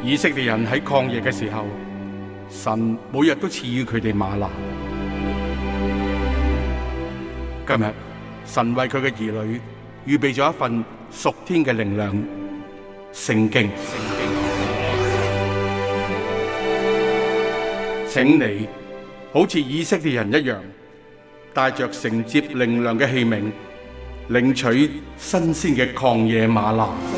以色列人喺曠野嘅時候，神每日都賜予佢哋嗎哪。今日，神為佢嘅兒女預備咗一份屬天嘅靈糧——聖經。聖經請你好似以色列人一樣，帶着承接靈糧嘅器皿，領取新鮮嘅曠野嗎哪。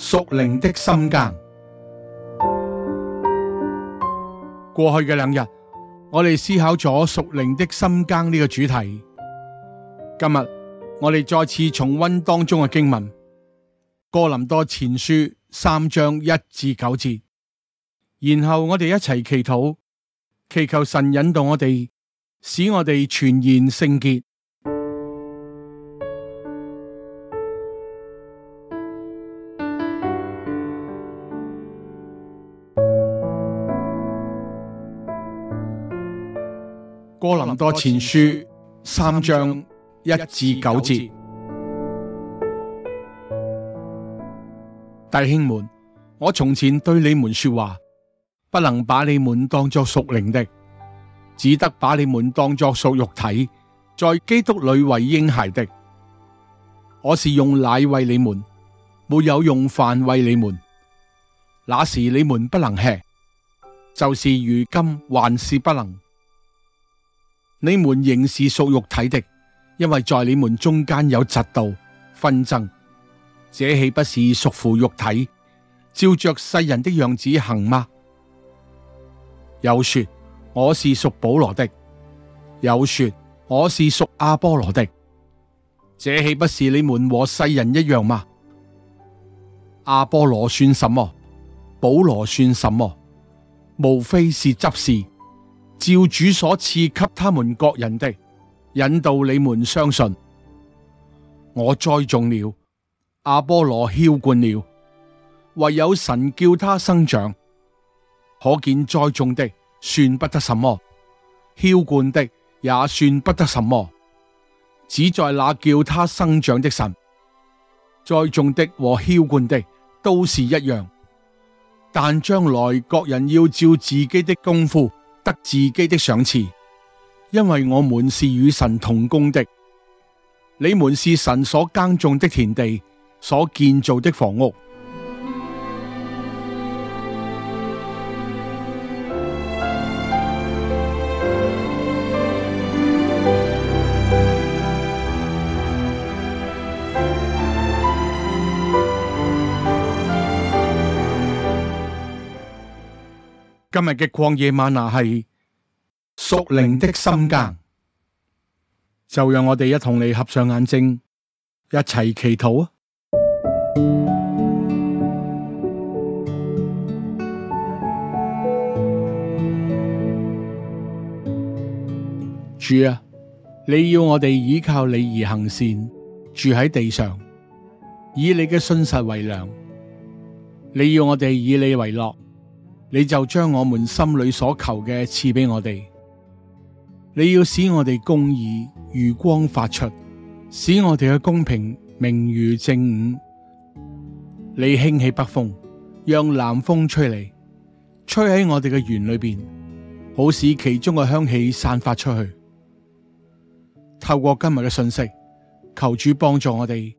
屬靈的深耕。過去嘅兩日，我哋思考咗屬靈的深耕呢個主題。今日我哋再次重溫當中嘅經文《哥林多前書》三章一至九節，然後我哋一齊祈禱，祈求神引導我哋，使我哋全然聖潔。哥林多前書三章，三章一至九節，弟兄們，我從前對你們說話，不能把你們當作屬靈的，只得把你們當作屬肉體，在基督裏為嬰孩的。我是用奶餵你們，沒有用飯餵你們。那時你們不能吃，就是如今還是不能。你們仍是屬肉體的，因為在你們中間有嫉妒、紛爭，這豈不是屬乎肉體，照着世人的樣子行嗎？有說我是屬保羅的，有說我是屬阿波羅的，這豈不是你們和世人一樣嗎？阿波羅算什麼？保羅算什麼？無非是執事。照主所賜給他們各人的引導，你們相信。我栽種了，阿波羅澆灌了，唯有神叫他生長。可見栽種的算不得什麼，澆灌的也算不得什麼，只在那叫他生長的神。栽種的和澆灌的都是一樣，但將來各人要照自己的功夫。得自己的賞賜，因為我們是與神同工的，你們是神所耕種的田地，所建造的房屋。今日嘅曠野嗎哪係屬靈的深耕，就讓我哋一同你合上眼睛，一齊祈禱啊！主啊，你要我哋倚靠你而行善，住喺地上，以你嘅信實為糧，你要我哋以你為樂。你就將我們心裏所求嘅，賜給我哋，你要使我哋公義如光發出，使我哋嘅公平明如正午。你興起北風，讓南風吹嚟，吹喺我哋嘅園裏邊，好使其中嘅香氣散發出去。透過今日嘅信息，求主幫助我哋，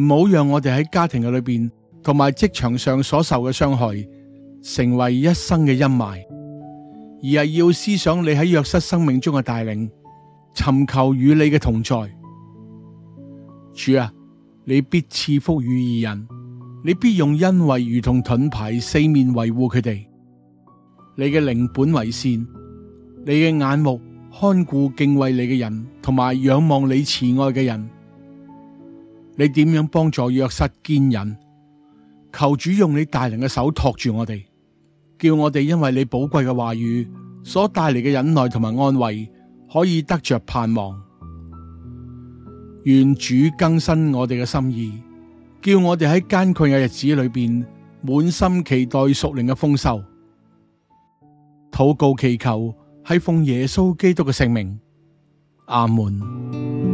唔好讓我哋喺家庭嘅裏邊同埋職場上所受嘅傷害成為一生嘅陰霾，而係要思想你喺約瑟生命中嘅帶領，尋求與你嘅同在。主啊，你必賜福與義人，你必用恩惠如同盾牌四面維護佢哋。你嘅靈本為善，你嘅眼目看顧敬畏你嘅人，同埋仰望你慈愛嘅人。你點樣幫助約瑟堅忍？求主用你大能嘅手托住我哋。叫我哋因為你寶貴嘅話語所帶嚟嘅忍耐同埋安慰，可以得着盼望。願主更新我哋嘅心意，叫我哋喺艱困嘅日子裏邊，滿心期待屬靈嘅豐收。禱告祈求係奉耶穌基督嘅聖名，阿門。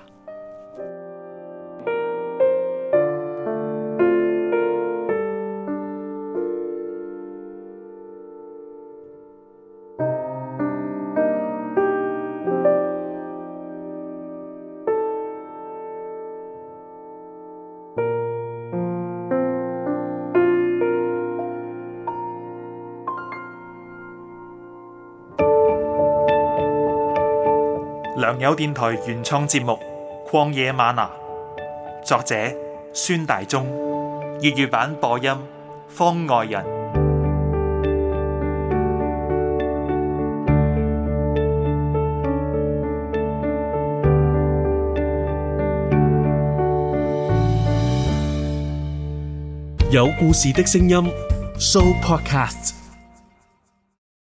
良友電台原創節目《曠野嗎哪》，作者孫大中，粵語版播音方外人，有故事的聲音，So Podcasts。